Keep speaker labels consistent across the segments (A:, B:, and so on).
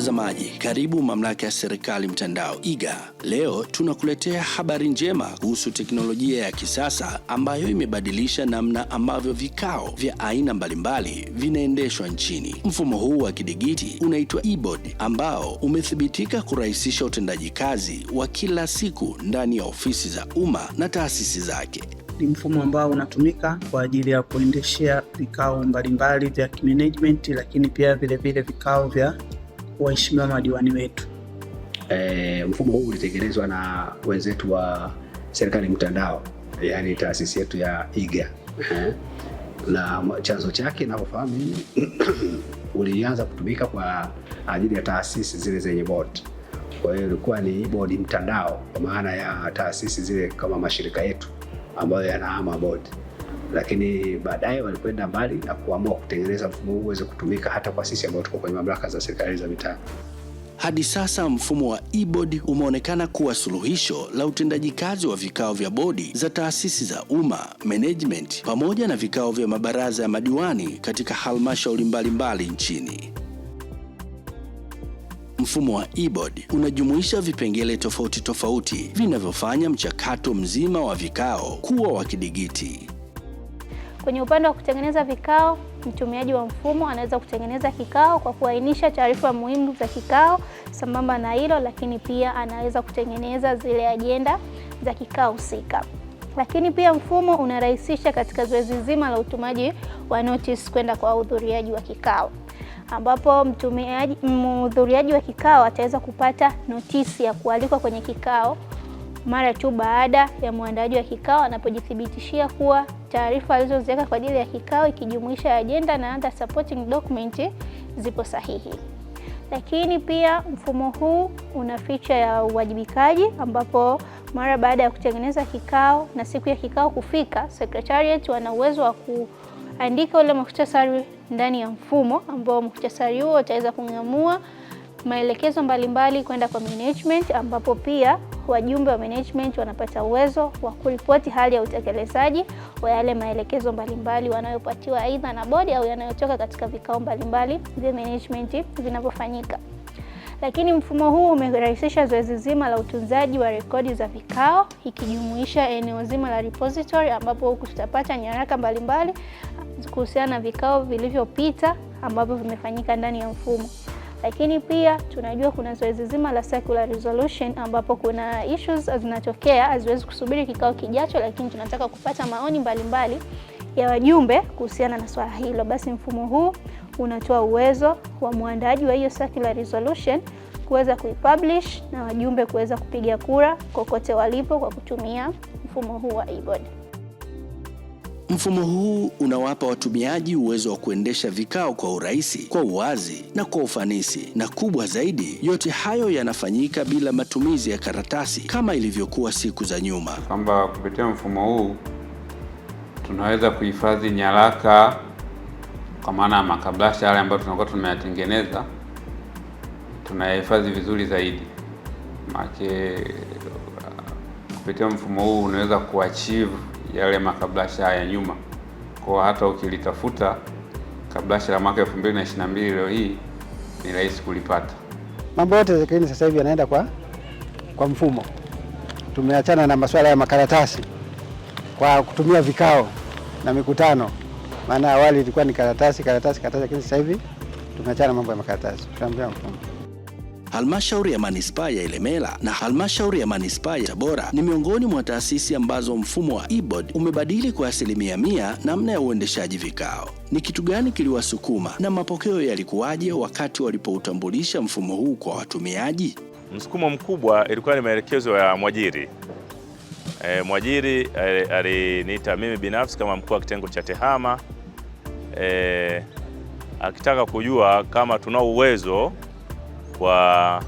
A: Mtazamaji, karibu mamlaka ya serikali mtandao iGA. Leo tunakuletea habari njema kuhusu teknolojia ya kisasa ambayo imebadilisha namna ambavyo vikao vya aina mbalimbali vinaendeshwa nchini. Mfumo huu wa kidigiti unaitwa eBoard ambao umethibitika kurahisisha utendaji kazi wa kila siku ndani ya ofisi za umma na taasisi zake. Ni mfumo ambao unatumika kwa ajili ya kuendeshea vikao mbalimbali vya management, lakini pia vilevile vikao vya waheshimiwa madiwani wetu.
B: E, mfumo huu ulitengenezwa na wenzetu wa serikali mtandao, yaani taasisi yetu ya IGA eh, na chanzo chake navyofahamu mimi ulianza kutumika kwa ajili ya taasisi zile zenye bodi. Kwa hiyo ilikuwa ni bodi mtandao, kwa maana ya taasisi zile kama mashirika yetu ambayo yanahama bodi lakini baadaye walikwenda mbali na kuamua kutengeneza mfumo huu uweze kutumika hata kwa sisi ambao tuko kwenye mamlaka za serikali za mitaa.
C: Hadi sasa mfumo wa e-board umeonekana kuwa suluhisho la utendaji kazi wa vikao vya bodi za taasisi za umma, management pamoja na vikao vya mabaraza ya madiwani katika halmashauri mbalimbali nchini. Mfumo wa e-board unajumuisha vipengele tofauti tofauti vinavyofanya mchakato mzima wa vikao kuwa wa kidigiti.
D: Kwenye upande wa kutengeneza vikao, mtumiaji wa mfumo anaweza kutengeneza kikao kwa kuainisha taarifa muhimu za kikao. Sambamba na hilo, lakini pia anaweza kutengeneza zile ajenda za kikao husika. Lakini pia mfumo unarahisisha katika zoezi zima la utumaji wa notice kwenda kwa wahudhuriaji wa kikao ambapo mtumiaji mhudhuriaji wa kikao ataweza kupata notisi ya kualikwa kwenye kikao mara tu baada ya mwandaji wa kikao anapojithibitishia kuwa taarifa alizoziweka kwa ajili ya kikao ikijumuisha ajenda na other supporting document zipo sahihi. Lakini pia mfumo huu una feature ya uwajibikaji ambapo mara baada ya kutengeneza kikao na siku ya kikao kufika, secretariat wana uwezo wa kuandika ule muhtasari ndani ya mfumo ambao muhtasari huo utaweza kung'amua maelekezo mbalimbali kwenda kwa management ambapo pia wajumbe wa management wanapata uwezo wa kuripoti hali ya utekelezaji wa yale maelekezo mbalimbali wanayopatiwa aidha na bodi au yanayotoka katika vikao mbalimbali vya management vinavyofanyika. Lakini mfumo huu umerahisisha zoezi zima la utunzaji wa rekodi za vikao ikijumuisha eneo zima la repository, ambapo huku tutapata nyaraka mbalimbali kuhusiana na vikao vilivyopita ambavyo vimefanyika ndani ya mfumo. Lakini pia tunajua kuna zoezi zima la circular resolution, ambapo kuna issues zinatokea haziwezi kusubiri kikao kijacho, lakini tunataka kupata maoni mbalimbali mbali ya wajumbe kuhusiana na swala hilo. Basi mfumo huu unatoa uwezo wa mwandaji wa hiyo circular resolution kuweza kuipublish na wajumbe kuweza kupiga kura kokote walipo kwa kutumia mfumo huu wa e-board.
C: Mfumo huu unawapa watumiaji uwezo wa kuendesha vikao kwa urahisi, kwa uwazi na kwa ufanisi, na kubwa zaidi, yote hayo yanafanyika bila matumizi ya karatasi kama ilivyokuwa siku za nyuma,
E: kwamba kupitia mfumo huu tunaweza kuhifadhi nyaraka kwa maana ya makablasha yale ambayo tunakuwa tumeyatengeneza, tunayahifadhi vizuri zaidi make kupitia mfumo huu unaweza kuachieve yale makablasha ya nyuma. Kwa hata ukilitafuta kabrasha la mwaka 2022 leo hii ni rahisi kulipata.
F: Mambo yote lakini sasa hivi yanaenda kwa, kwa mfumo. Tumeachana na masuala ya makaratasi kwa kutumia vikao na mikutano, maana awali ilikuwa ni karatasi karatasi karatasi, lakini sasa hivi tumeachana mambo ya makaratasi, tunaambia mfumo
C: halmashauri ya manispaa ya Ilemela na halmashauri ya manispaa ya Tabora ni miongoni mwa taasisi ambazo mfumo wa e-board umebadili kwa asilimia mia namna ya uendeshaji vikao. Ni kitu gani kiliwasukuma na mapokeo yalikuwaje wakati walipoutambulisha mfumo huu kwa watumiaji?
G: Msukumo mkubwa ilikuwa ni maelekezo ya mwajiri. E, mwajiri aliniita mimi binafsi kama mkuu wa kitengo cha TEHAMA e, akitaka kujua kama tuna uwezo kwa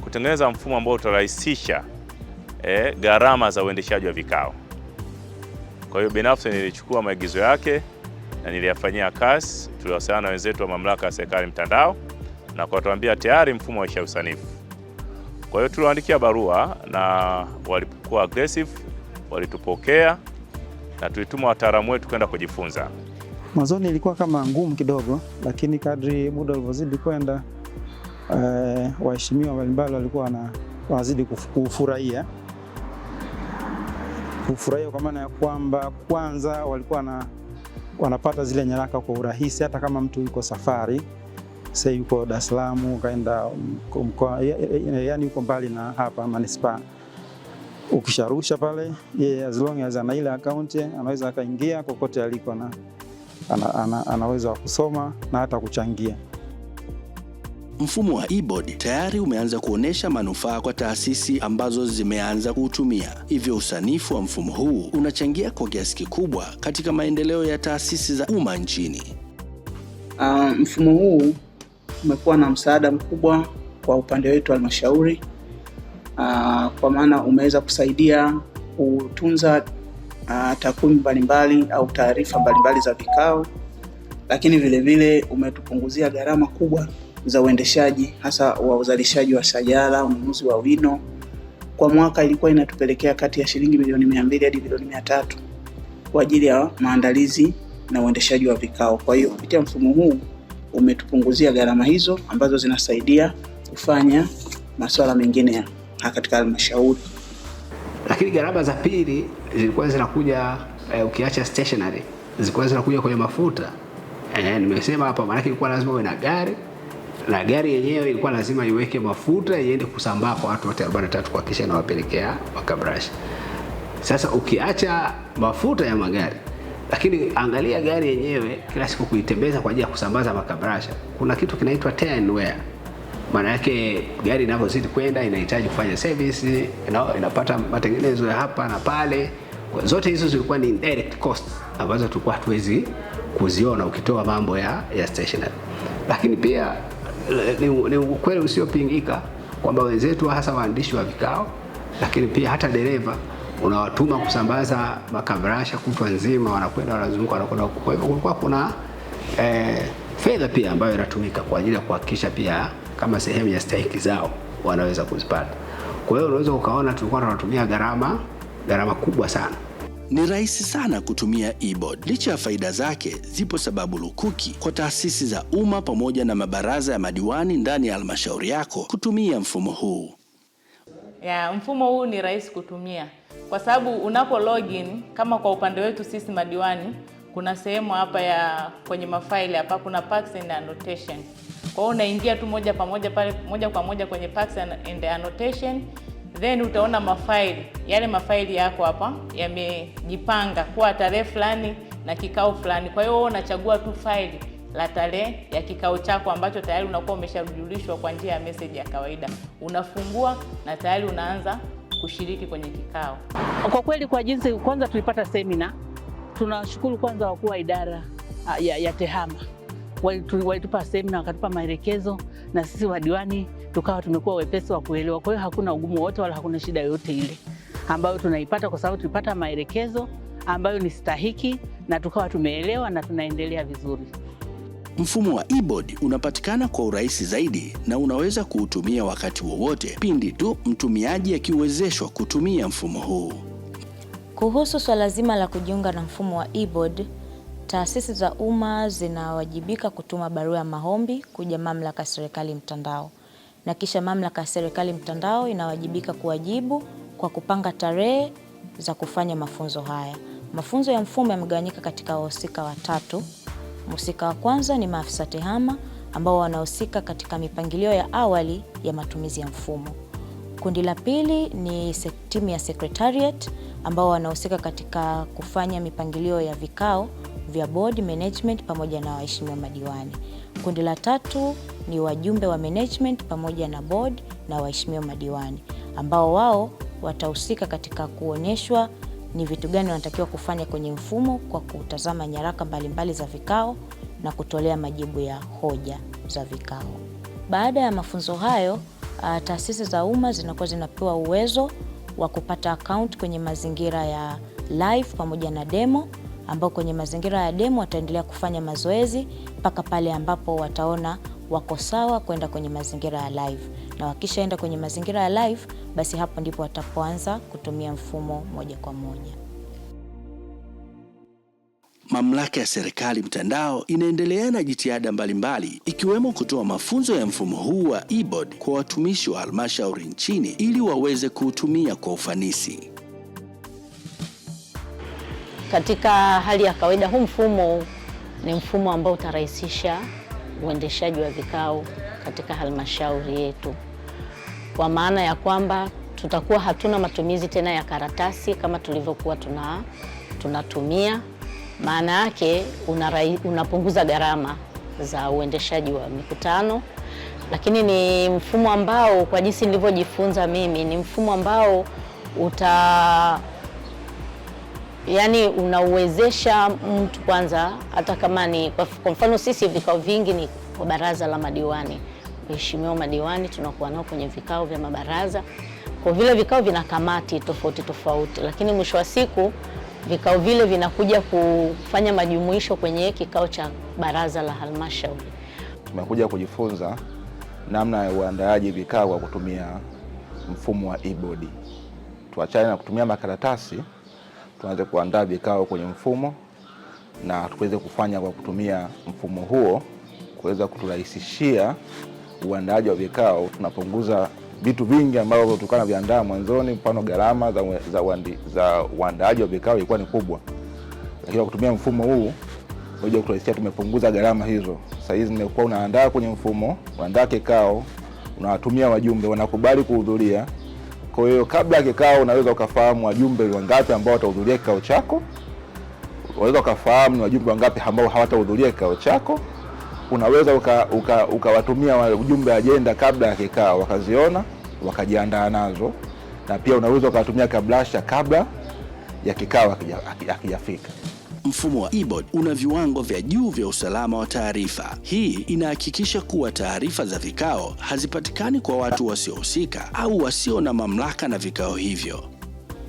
G: kutengeneza mfumo ambao utarahisisha eh, gharama za uendeshaji wa vikao. Kwa hiyo binafsi nilichukua maagizo yake na niliyafanyia kazi. Tuliwasiliana na wenzetu wa mamlaka ya serikali mtandao na kuwatuambia tayari mfumo waisha usanifu. Kwa hiyo tuliwaandikia barua na walikuwa aggressive, walitupokea na tulituma wataalamu wetu kwenda kujifunza.
F: Mwanzoni ilikuwa kama ngumu kidogo, lakini kadri muda ulivyozidi kwenda eh, waheshimiwa mbalimbali walikuwa na, wanazidi kufurahia kufurahia kwa maana ya kwamba kwanza walikuwa na, wanapata zile nyaraka kwa urahisi, hata kama mtu yuko safari sasa, yuko Dar es Salaam kaenda mkoa, yani yuko mbali na hapa manispaa ukisharusha pale yeye yeah, as long as ana ile account anaweza akaingia kokote aliko na ana, ana, anaweza kusoma na hata kuchangia.
C: Mfumo wa eBoard tayari umeanza kuonesha manufaa kwa taasisi ambazo zimeanza kuutumia, hivyo usanifu wa mfumo huu unachangia kwa kiasi kikubwa katika maendeleo ya taasisi za umma nchini.
H: Uh, mfumo huu umekuwa na msaada mkubwa kwa upande wetu halmashauri, uh, kwa maana umeweza kusaidia kutunza uh, takwimu mbalimbali au taarifa mbalimbali za vikao, lakini vilevile umetupunguzia gharama kubwa za uendeshaji hasa wa uzalishaji wa sajala, ununuzi wa wino kwa mwaka ilikuwa inatupelekea kati ya shilingi milioni mia mbili hadi milioni mia tatu kwa ajili ya maandalizi na uendeshaji wa vikao. Kwa hiyo kupitia mfumo huu umetupunguzia gharama hizo ambazo zinasaidia kufanya masuala mengine katika halmashauri.
I: Lakini gharama za pili zilikuwa zinakuja eh, ukiacha stationary zilikuwa zinakuja kwenye mafuta eh, nimesema hapa, maanake ilikuwa lazima uwe na gari na gari yenyewe ilikuwa lazima iweke mafuta iende kusambaa kwa watu wote 43 kuhakikisha inawapelekea makabrashi. Sasa ukiacha mafuta ya magari lakini angalia gari yenyewe kila siku kuitembeza kwa ajili ya kusambaza makabrasha, kuna kitu kinaitwa tear and wear. Maana yake gari inavyozidi kwenda inahitaji kufanya service, inapata matengenezo ya hapa na pale. Zote hizo zilikuwa ni indirect cost ambazo tulikuwa hatuwezi kuziona ukitoa mambo ya, ya stationary, lakini pia Eh, ni, ni ukweli usiopingika kwamba wenzetu hasa waandishi wa vikao, lakini pia hata dereva unawatuma kusambaza makabrasha kutwa nzima, wanakwenda wanazunguka, wanakwenda. Kwa hivyo kulikuwa kuna eh, fedha pia ambayo inatumika kwa ajili ya kuhakikisha pia kama sehemu ya stahiki zao wanaweza kuzipata. Kwa hiyo unaweza ukaona tulikuwa tunatumia gharama gharama kubwa sana.
C: Ni rahisi sana kutumia e Licha ya faida zake, zipo sababu lukuki kwa taasisi za umma pamoja na mabaraza ya madiwani ndani ya halmashauri yako kutumia mfumo huu.
J: Ya, mfumo huu ni rahisi kutumia kwa sababu unapo login, kama kwa upande wetu sisi madiwani, kuna sehemu hapa ya kwenye mafaili hapa kuna packs and annotation. Kwa hiyo unaingia tu moja pamoja pale moja kwa moja kwenye packs and annotation then utaona mafaili yale mafaili yako hapa yamejipanga kuwa tarehe fulani na kikao fulani. Kwa hiyo wewe unachagua tu faili la tarehe ya kikao chako ambacho tayari unakuwa umeshajulishwa kwa njia ya message ya kawaida, unafungua na tayari unaanza kushiriki kwenye kikao.
K: Kwa kweli, kwa jinsi kwanza tulipata semina, tunashukuru kwanza wakuu wa idara ah, ya, ya TEHAMA walitupa semina wakatupa maelekezo na sisi wadiwani tukawa tumekuwa wepesi wa kuelewa. Kwa hiyo hakuna ugumu wote wala hakuna shida yoyote ile ambayo tunaipata, kwa sababu tulipata maelekezo ambayo ni stahiki na tukawa tumeelewa na tunaendelea vizuri.
C: Mfumo wa e-board unapatikana kwa urahisi zaidi na unaweza kuutumia wakati wowote pindi tu mtumiaji akiwezeshwa kutumia mfumo huu.
L: Kuhusu swala zima la kujiunga na mfumo wa e-board, taasisi za umma zinawajibika kutuma barua ya maombi kuja mamlaka ya serikali mtandao na kisha mamlaka ya serikali mtandao inawajibika kuwajibu kwa kupanga tarehe za kufanya mafunzo haya. Mafunzo ya mfumo yamegawanyika katika wahusika watatu. Mhusika wa kwanza ni maafisa TEHAMA ambao wanahusika katika mipangilio ya awali ya matumizi ya mfumo. Kundi la pili ni timu ya secretariat ambao wanahusika katika kufanya mipangilio ya vikao vya board management pamoja na waheshimiwa madiwani. Kundi la tatu ni wajumbe wa management pamoja na board na waheshimiwa madiwani ambao wao watahusika katika kuonyeshwa ni vitu gani wanatakiwa kufanya kwenye mfumo kwa kutazama nyaraka mbalimbali za vikao na kutolea majibu ya hoja za vikao. Baada ya mafunzo hayo, ah, taasisi za umma zinakuwa zinapewa uwezo wa kupata akaunti kwenye mazingira ya live pamoja na demo, ambao kwenye mazingira ya demo wataendelea kufanya mazoezi mpaka pale ambapo wataona wako sawa kwenda kwenye mazingira ya live, na wakishaenda kwenye mazingira ya live, basi hapo ndipo watapoanza kutumia mfumo moja kwa moja.
C: Mamlaka ya Serikali Mtandao inaendelea na jitihada mbalimbali ikiwemo kutoa mafunzo ya mfumo huu wa e-board kwa watumishi wa halmashauri nchini ili waweze kuutumia kwa ufanisi.
M: Katika hali ya kawaida, huu mfumo ni mfumo ambao utarahisisha uendeshaji wa vikao katika halmashauri yetu, kwa maana ya kwamba tutakuwa hatuna matumizi tena ya karatasi kama tulivyokuwa tuna, tunatumia. Maana yake unapunguza gharama za uendeshaji wa mikutano, lakini ni mfumo ambao kwa jinsi nilivyojifunza mimi ni mfumo ambao uta yani unauwezesha mtu kwanza, hata kama ni kwa mfano sisi vikao vingi ni kwa baraza la madiwani. Waheshimiwa madiwani tunakuwa nao kwenye vikao vya mabaraza, kwa vile vikao vina kamati tofauti tofauti, lakini mwisho wa siku vikao vile vinakuja kufanya majumuisho kwenye kikao cha baraza la halmashauri.
N: Tumekuja kujifunza namna ya uandaaji vikao kwa kutumia mfumo wa e-board. Tuachane na kutumia makaratasi tuanze kuandaa vikao kwenye mfumo na tuweze kufanya kwa kutumia mfumo huo kuweza kuturahisishia uandaaji wa vikao. Tunapunguza vitu vingi ambavyo tulikuwa tunaviandaa mwanzoni, mfano gharama za, za, za uandaaji wa vikao ilikuwa ni kubwa, lakini kwa kutumia mfumo huu moja kuturahisishia, tumepunguza gharama hizo. Sasa hizi nimekuwa unaandaa kwenye mfumo, unaandaa kikao, unawatumia wajumbe, wanakubali kuhudhuria kwa hiyo kabla ya kikao unaweza ukafahamu wajumbe wangapi ambao watahudhuria kikao chako, unaweza ukafahamu ni wajumbe wangapi ambao hawatahudhuria kikao chako. Unaweza ukawatumia uka, uka wajumbe ajenda kabla ya kikao wakaziona wakajiandaa nazo, na pia unaweza ukawatumia kabrasha kabla ya kikao akijafika
C: mfumo wa eBoard una viwango vya juu vya usalama wa taarifa. Hii inahakikisha kuwa taarifa za vikao hazipatikani kwa watu wasiohusika au wasio na mamlaka na vikao hivyo.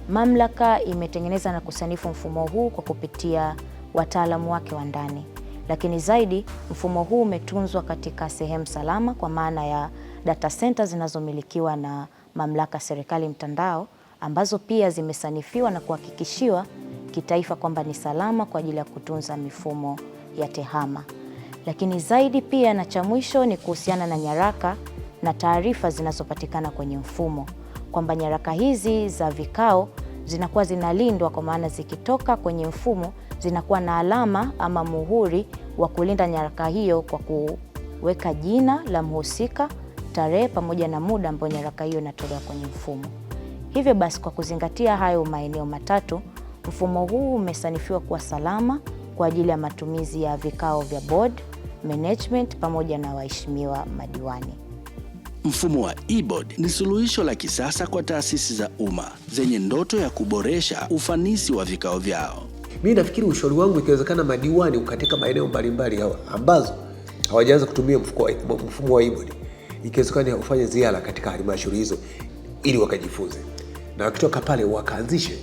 L: Mamlaka imetengeneza na kusanifu mfumo huu kwa kupitia wataalamu wake wa ndani, lakini zaidi mfumo huu umetunzwa katika sehemu salama, kwa maana ya data center zinazomilikiwa na mamlaka serikali mtandao ambazo pia zimesanifiwa na kuhakikishiwa kitaifa kwamba ni salama kwa ajili ya kutunza mifumo ya tehama. Lakini zaidi pia na cha mwisho ni kuhusiana na nyaraka na taarifa zinazopatikana kwenye mfumo, kwamba nyaraka hizi za vikao zinakuwa zinalindwa, kwa maana zikitoka kwenye mfumo zinakuwa na alama ama muhuri wa kulinda nyaraka hiyo kwa kuweka jina la mhusika, tarehe pamoja na muda ambao nyaraka hiyo inatolewa kwenye mfumo. Hivyo basi, kwa kuzingatia hayo maeneo matatu Mfumo huu umesanifiwa kuwa salama kwa ajili ya matumizi ya vikao vya board, management pamoja na waheshimiwa madiwani.
C: Mfumo wa e-board ni suluhisho la kisasa kwa taasisi za umma zenye ndoto ya kuboresha ufanisi wa vikao vyao.
B: Mimi nafikiri ushauri wangu, ikiwezekana, madiwani katika maeneo mbalimbali hawa ambazo hawajaanza kutumia mfumo wa e-board, ikiwezekana ufanye ziara katika halmashauri hizo ili wakajifunze, na wakitoka pale wakaanzishe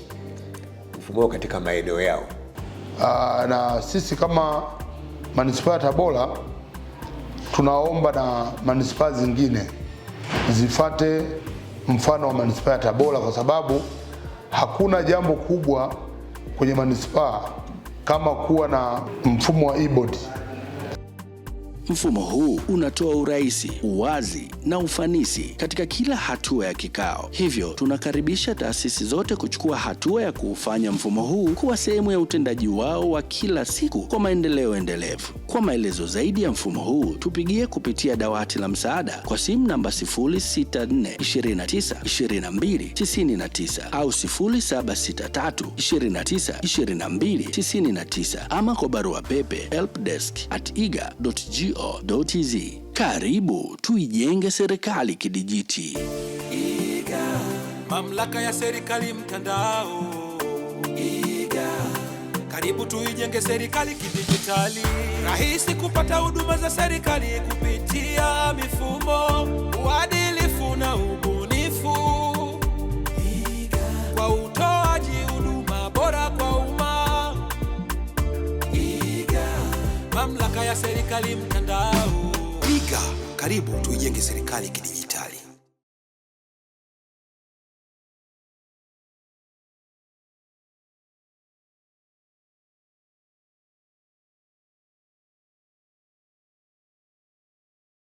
B: mifugo katika maeneo yao.
O: Uh, na sisi kama manispaa ya Tabora tunaomba na manispaa zingine zifate mfano wa manispaa ya Tabora kwa sababu hakuna jambo kubwa kwenye manispaa kama kuwa na mfumo wa e-board.
C: Mfumo huu unatoa urahisi, uwazi na ufanisi katika kila hatua ya kikao. Hivyo tunakaribisha taasisi zote kuchukua hatua ya kuufanya mfumo huu kuwa sehemu ya utendaji wao wa kila siku kwa maendeleo endelevu. Kwa maelezo zaidi ya mfumo huu, tupigie kupitia dawati la msaada kwa simu namba 06429299 au 0763292299 ama kwa barua pepe helpdesk@iga.go co.tz. Karibu tuijenge serikali kidijiti. Iga. Mamlaka ya serikali mtandao. Iga. Karibu tuijenge serikali kidijitali. Rahisi kupata huduma za serikali kupitia mifumo What? Karibu tuijenge serikali kidijitali.